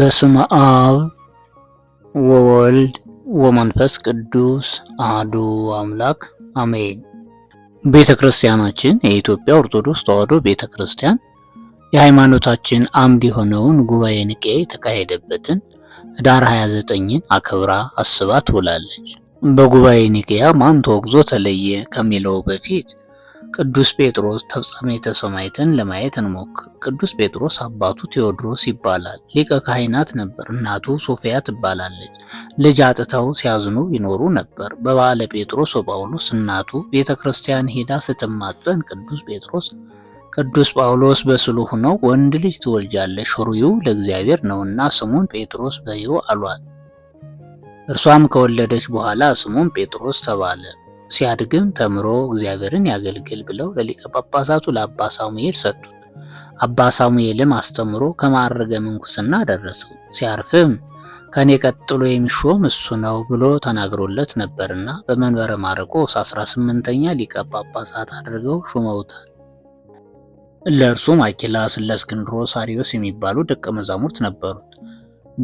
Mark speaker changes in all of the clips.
Speaker 1: በስመ አብ ወወልድ ወመንፈስ ቅዱስ አሐዱ አምላክ አሜን። ቤተ ክርስቲያናችን የኢትዮጵያ ኦርቶዶክስ ተዋሕዶ ቤተ ክርስቲያን የሃይማኖታችን አምድ የሆነውን ጉባኤ ንቅያ የተካሄደበትን ኅዳር 29ን አክብራ አስባ ትውላለች። በጉባኤ ንቅያ ማን ተወግዞ ተለየ ከሚለው በፊት ቅዱስ ጴጥሮስ ተፍጻሜተ ሰማዕታትን ለማየት እንሞክር። ቅዱስ ጴጥሮስ አባቱ ቴዎድሮስ ይባላል። ሊቀ ካህናት ነበር። እናቱ ሶፊያ ትባላለች። ልጅ አጥተው ሲያዝኑ ይኖሩ ነበር። በበዓለ ጴጥሮስ ወጳውሎስ እናቱ ቤተ ክርስቲያን ሄዳ ስትማጸን ቅዱስ ጴጥሮስ ቅዱስ ጳውሎስ በስሉ ሆነው ወንድ ልጅ ትወልጃለሽ፣ ሩዩ ለእግዚአብሔር ነውና ስሙን ጴጥሮስ በይው አሏት። እርሷም ከወለደች በኋላ ስሙን ጴጥሮስ ተባለ። ሲያድግም ተምሮ እግዚአብሔርን ያገልግል ብለው ለሊቀ ጳጳሳቱ ለአባ ሳሙኤል ሰጡት። አባ ሳሙኤልም አስተምሮ ከማዕረገ ምንኩስና ደረሰው። ሲያርፍም ከኔ ቀጥሎ የሚሾም እሱ ነው ብሎ ተናግሮለት ነበርና በመንበረ ማርቆስ 18ኛ ሊቀ ጳጳሳት አድርገው ሹመውታል። ለእርሱም አኪላስ፣ እለእስክንድሮስ፣ ሳሪዮስ የሚባሉ ደቀ መዛሙርት ነበሩ።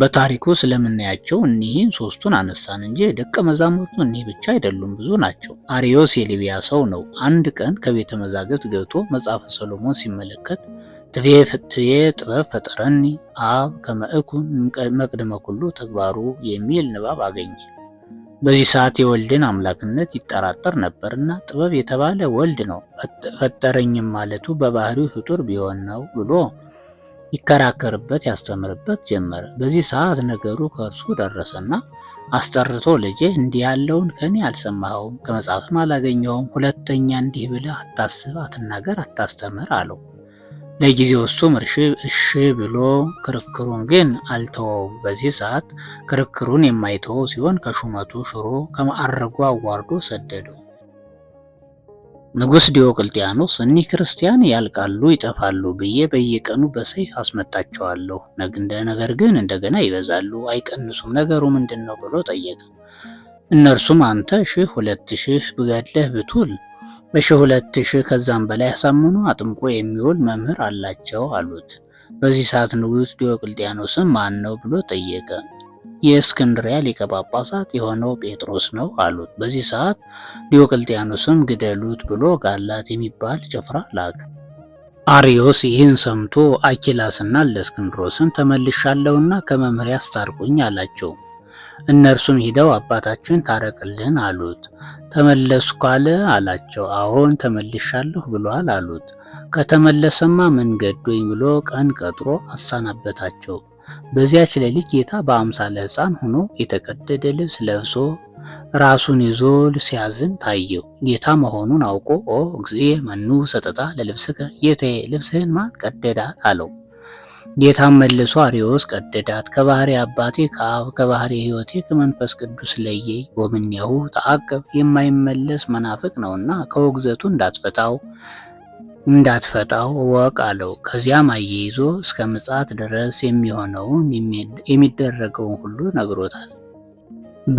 Speaker 1: በታሪኩ ስለምናያቸው እኒህን ሶስቱን አነሳን እንጂ ደቀ መዛሙርቱ እኒህ ብቻ አይደሉም፣ ብዙ ናቸው። አሪዮስ የሊቢያ ሰው ነው። አንድ ቀን ከቤተ መዛግብት ገብቶ መጽሐፈ ሰሎሞን ሲመለከት ትቤ ጥበብ ፈጠረኒ አብ ከመእኩ መቅድመ ኩሉ ተግባሩ የሚል ንባብ አገኘ። በዚህ ሰዓት የወልድን አምላክነት ይጠራጠር ነበርና ጥበብ የተባለ ወልድ ነው፣ ፈጠረኝም ማለቱ በባህሪው ፍጡር ቢሆን ነው ብሎ ይከራከርበት ያስተምርበት ጀመረ። በዚህ ሰዓት ነገሩ ከእርሱ ደረሰና አስጠርቶ ልጄ እንዲህ ያለውን ከኔ አልሰማኸውም፣ ከመጽሐፍም አላገኘውም። ሁለተኛ እንዲህ ብለህ አታስብ፣ አትናገር፣ አታስተምር አለው። ለጊዜው እሱም እሺ ብሎ ክርክሩን ግን አልተወውም። በዚህ ሰዓት ክርክሩን የማይተወው ሲሆን ከሹመቱ ሽሮ ከማዕረጉ አዋርዶ ሰደደው። ንጉሥ ዲዮቅልጥያኖስ እኒህ ክርስቲያን ያልቃሉ ይጠፋሉ ብዬ በየቀኑ በሰይፍ አስመታቸዋለሁ፣ ነገር ግን እንደገና ይበዛሉ አይቀንሱም፣ ነገሩ ምንድን ነው ብሎ ጠየቀ። እነርሱም አንተ ሺህ ሁለት ሺህ ብገድለህ ብቱል በሺህ ሁለት ሺህ ከዛም በላይ አሳምኖ አጥምቆ የሚውል መምህር አላቸው አሉት። በዚህ ሰዓት ንጉሥ ዲዮቅልጥያኖስም ማን ነው ብሎ ጠየቀ። የእስክንድሪያ ሊቀ ጳጳሳት የሆነው ጴጥሮስ ነው አሉት። በዚህ ሰዓት ዲዮቅልጥያኖስን ግደሉት ብሎ ጋላት የሚባል ጭፍራ ላክ አሪዮስ ይህን ሰምቶ አኪላስና ለእስክንድሮስን ተመልሻለሁና ከመምህር ያስታርቁኝ አላቸው። እነርሱም ሂደው አባታችን ታረቅልን አሉት። ተመለስኩ አለ አላቸው። አሁን ተመልሻለሁ ብሏል አሉት። ከተመለሰማ ወይም ብሎ ቀን ቀጥሮ አሰናበታቸው። በዚያች ሌሊት ጌታ በአምሳለ ሕፃን ሆኖ የተቀደደ ልብስ ለብሶ ራሱን ይዞ ሲያዝን ታየው። ጌታ መሆኑን አውቆ ኦ እግዚእ መኑ ሰጠጣ ለልብስከ ጌቴ ልብስህን ማን ቀደዳት አለው። ጌታም መልሶ አርዮስ ቀደዳት ከባህሪ አባቴ ከአብ ከባህሪ ሕይወቴ ከመንፈስ ቅዱስ ለየይ ወምኔሁ ተአቅብ የማይመለስ መናፍቅ ነውና ከውግዘቱ እንዳትፈታው እንዳትፈጣው እወቅ አለው። ከዚያም አያይዞ እስከ ምጽአት ድረስ የሚሆነውን የሚደረገውን ሁሉ ነግሮታል።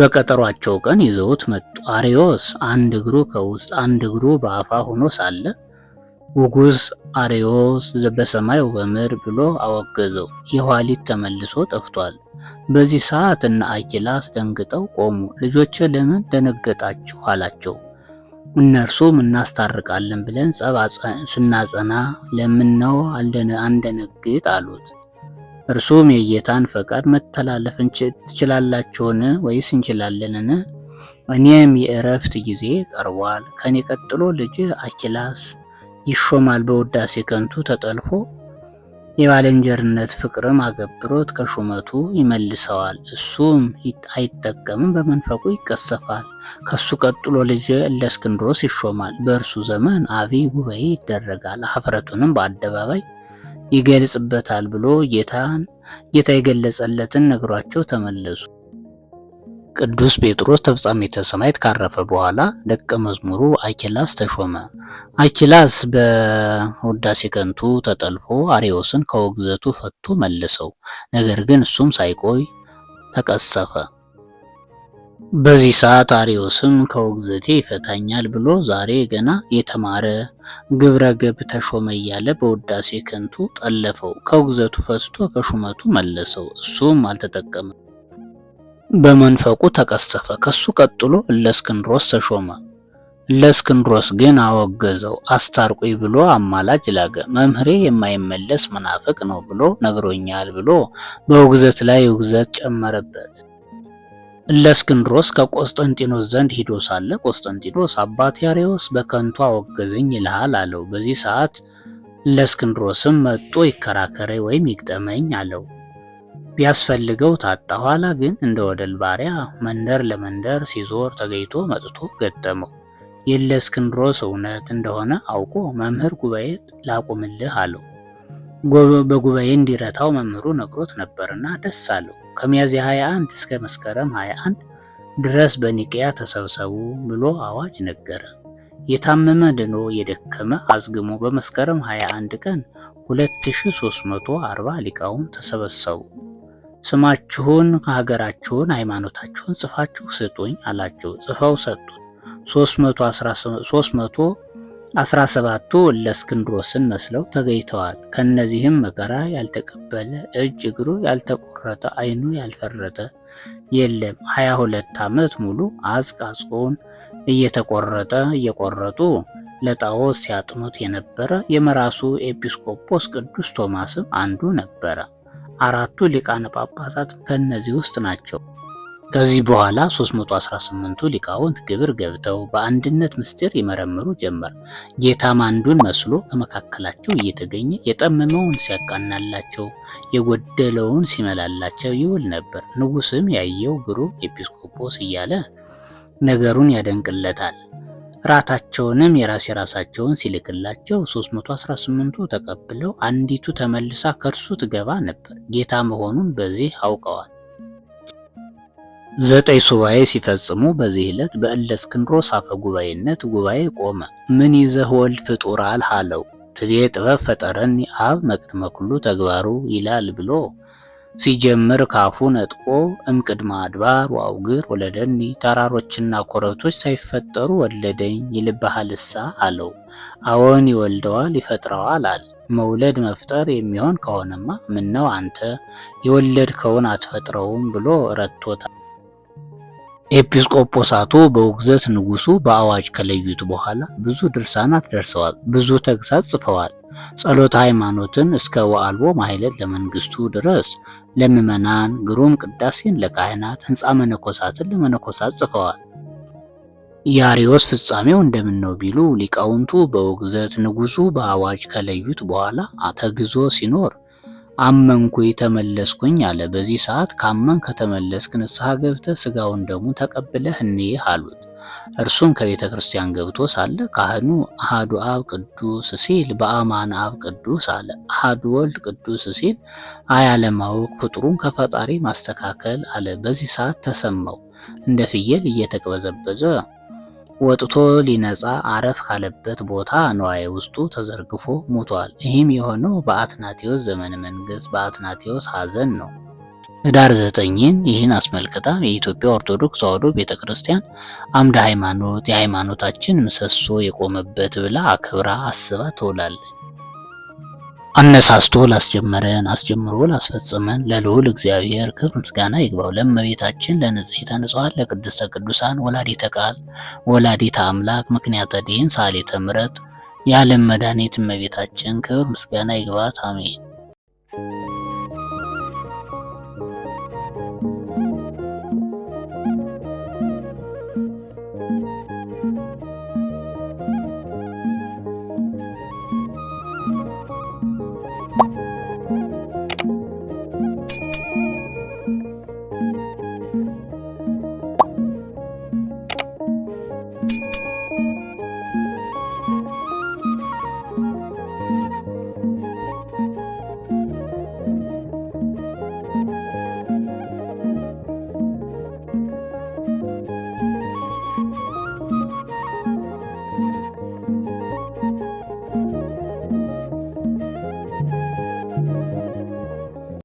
Speaker 1: በቀጠሯቸው ቀን ይዘውት መጡ። አሬዎስ አንድ እግሩ ከውስጥ አንድ እግሩ በአፋ ሆኖ ሳለ ውጉዝ አሬዎስ በሰማይ ወምር ብሎ አወገዘው። የኋሊት ተመልሶ ጠፍቷል። በዚህ ሰዓት እነ አኪላስ ደንግጠው ቆሙ። ልጆቼ ለምን ደነገጣችሁ? አላቸው። እነርሱም እናስታርቃለን ብለን ስናጸና ለምነው አንደነግጥ አሉት። እርሱም የጌታን ፈቃድ መተላለፍ ትችላላችሁን? ወይስ እንችላለንን? እኔም የእረፍት ጊዜ ቀርቧል። ከኔ ቀጥሎ ልጅ አኪላስ ይሾማል። በውዳሴ ከንቱ ተጠልፎ የባለንጀርነት ፍቅርም አገብሮት ከሹመቱ ይመልሰዋል። እሱም አይጠቀምም፣ በመንፈቁ ይቀሰፋል። ከሱ ቀጥሎ ልጅ እለእስክንድሮስ ይሾማል። በእርሱ ዘመን አብይ ጉባኤ ይደረጋል። ሀፍረቱንም በአደባባይ ይገልጽበታል ብሎ ጌታን ጌታ የገለጸለትን ነግሯቸው ተመለሱ። ቅዱስ ጴጥሮስ ተፍጻሜተ ሰማዕት ካረፈ በኋላ ደቀ መዝሙሩ አኪላስ ተሾመ። አኪላስ በውዳሴ ከንቱ ተጠልፎ አሪዮስን ከወግዘቱ ፈቶ መልሰው፣ ነገር ግን እሱም ሳይቆይ ተቀሰፈ። በዚህ ሰዓት አርዮስም ከወግዘቴ ይፈታኛል ብሎ ዛሬ ገና የተማረ ግብረ ገብ ተሾመ እያለ በውዳሴ ከንቱ ጠለፈው፣ ከወግዘቱ ፈስቶ ከሹመቱ መለሰው። እሱም አልተጠቀመም። በመንፈቁ ተቀሰፈ። ከሱ ቀጥሎ እለእስክንድሮስ ተሾመ። እለእስክንድሮስ ግን አወገዘው። አስታርቁኝ ብሎ አማላጅ ላገ። መምህሬ የማይመለስ መናፍቅ ነው ብሎ ነግሮኛል ብሎ በውግዘት ላይ ውግዘት ጨመረበት። እለእስክንድሮስ ከቆስጠንጢኖስ ዘንድ ሂዶ ሳለ ቆስጠንጢኖስ አባት ያሬዎስ በከንቱ አወገዘኝ ይልሃል አለው። በዚህ ሰዓት እለእስክንድሮስም መጦ ይከራከረኝ ወይም ይግጠመኝ አለው። ቢያስፈልገው ታጣ። ኋላ ግን እንደ ወደል ባሪያ መንደር ለመንደር ሲዞር ተገኝቶ መጥቶ ገጠመው። የለስክንድሮ እውነት እንደሆነ አውቆ መምህር ጉባኤ ላቁምልህ አለው። በጉባኤ እንዲረታው መምህሩ ነግሮት ነበርና ደስ አለው። ከሚያዝያ 21 እስከ መስከረም 21 ድረስ በኒቅያ ተሰብሰቡ ብሎ አዋጅ ነገረ። የታመመ ድኖ የደከመ አዝግሞ በመስከረም 21 ቀን 2340 ሊቃውንት ተሰበሰቡ። ስማችሁን፣ ሀገራችሁን፣ ሃይማኖታችሁን ጽፋችሁ ስጡኝ አላቸው። ጽፈው ሰጡት። 317ቱ እለእስክንድሮስን መስለው ተገኝተዋል። ከእነዚህም መከራ ያልተቀበለ እጅ እግሩ ያልተቆረጠ አይኑ ያልፈረጠ የለም። 22 ዓመት ሙሉ አዝቃጽቆን እየተቆረጠ እየቆረጡ ለጣዖት ሲያጥኑት የነበረ የመራሱ ኤጲስቆጶስ ቅዱስ ቶማስም አንዱ ነበረ። አራቱ ሊቃነ ጳጳሳት ከነዚህ ውስጥ ናቸው። ከዚህ በኋላ 318ቱ ሊቃውንት ግብር ገብተው በአንድነት ምስጢር ይመረምሩ ጀመር። ጌታም አንዱን መስሎ ከመካከላቸው እየተገኘ የጠመመውን ሲያቃናላቸው፣ የጎደለውን ሲመላላቸው ይውል ነበር። ንጉሥም ያየው ግሩም ኤጲስቆጶስ እያለ ነገሩን ያደንቅለታል። ራታቸውንም የራስ የራሳቸውን ሲልክላቸው 318ቱ ተቀብለው አንዲቱ ተመልሳ ከእርሱ ትገባ ነበር። ጌታ መሆኑን በዚህ አውቀዋል። ዘጠኝ ሱባኤ ሲፈጽሙ በዚህ ዕለት በእለእስክንድሮስ አፈ ጉባኤነት ጉባኤ ቆመ። ምን ይዘህ ወልድ ፍጡራል አለው። ትቤ ጥበብ ፈጠረኒ አብ መቅድመ ኩሉ ተግባሩ ይላል ብሎ ሲጀምር ካፉ ነጥቆ እምቅድመ አድባር ወአውግር ወለደኒ ተራሮችና ኮረብቶች ሳይፈጠሩ ወለደኝ ይልብሃል እሳ አለው። አዎን ይወልደዋል ይፈጥረዋል አለ። መውለድ መፍጠር የሚሆን ከሆነማ ምነው አንተ የወለድከውን አትፈጥረውም ብሎ ረቶታል። ኤጲስቆጶሳቱ በውግዘት ንጉሱ በአዋጅ ከለዩት በኋላ ብዙ ድርሳናት ደርሰዋል፣ ብዙ ተግሳጽ ጽፈዋል። ጸሎተ ሃይማኖትን እስከ ወአልቦ ማይለት ለመንግስቱ ድረስ ለምእመናን ግሩም ቅዳሴን ለካህናት ሕንፃ መነኮሳትን ለመነኮሳት ጽፈዋል። የአሪዎስ ፍጻሜው እንደምን ነው ቢሉ ሊቃውንቱ በውግዘት ንጉሱ በአዋጅ ከለዩት በኋላ ተግዞ ሲኖር አመንኩኝ ተመለስኩኝ አለ። በዚህ ሰዓት ካመን ከተመለስክ ንስሐ ገብተ ስጋውን ደሙ ተቀብለህ እንይህ አሉት። እርሱም ከቤተ ክርስቲያን ገብቶ ሳለ ካህኑ አሃዱ አብ ቅዱስ ሲል በአማን አብ ቅዱስ አለ። አሃዱ ወልድ ቅዱስ ሲል አያለማወቅ ፍጡሩን ከፈጣሪ ማስተካከል አለ። በዚህ ሰዓት ተሰማው። እንደ ፍየል እየተቅበዘበዘ ወጥቶ ሊነጻ አረፍ ካለበት ቦታ ነዋይ ውስጡ ተዘርግፎ ሞቷል። ይህም የሆነው በአትናቴዎስ ዘመነ መንግስት በአትናቴዎስ ሐዘን ነው። ህዳር ዘጠኝን ይህን አስመልክታ የኢትዮጵያ ኦርቶዶክስ ተዋሕዶ ቤተ ክርስቲያን አምደ ሃይማኖት የሃይማኖታችን ምሰሶ የቆመበት ብላ አክብራ አስባ ትውላለች። አነሳስቶ ላስጀመረን አስጀምሮ ላስፈጸመን ለልዑል እግዚአብሔር ክብር ምስጋና ይግባው። ለእመቤታችን ለንጽሕተ ንጹሐን ለቅድስተ ቅዱሳን ወላዲተ ቃል ወላዲተ አምላክ ምክንያተ ድኂን ሳሌተ ምሕረት የዓለም መድኃኒት እመቤታችን ክብር ምስጋና ይግባት። አሜን።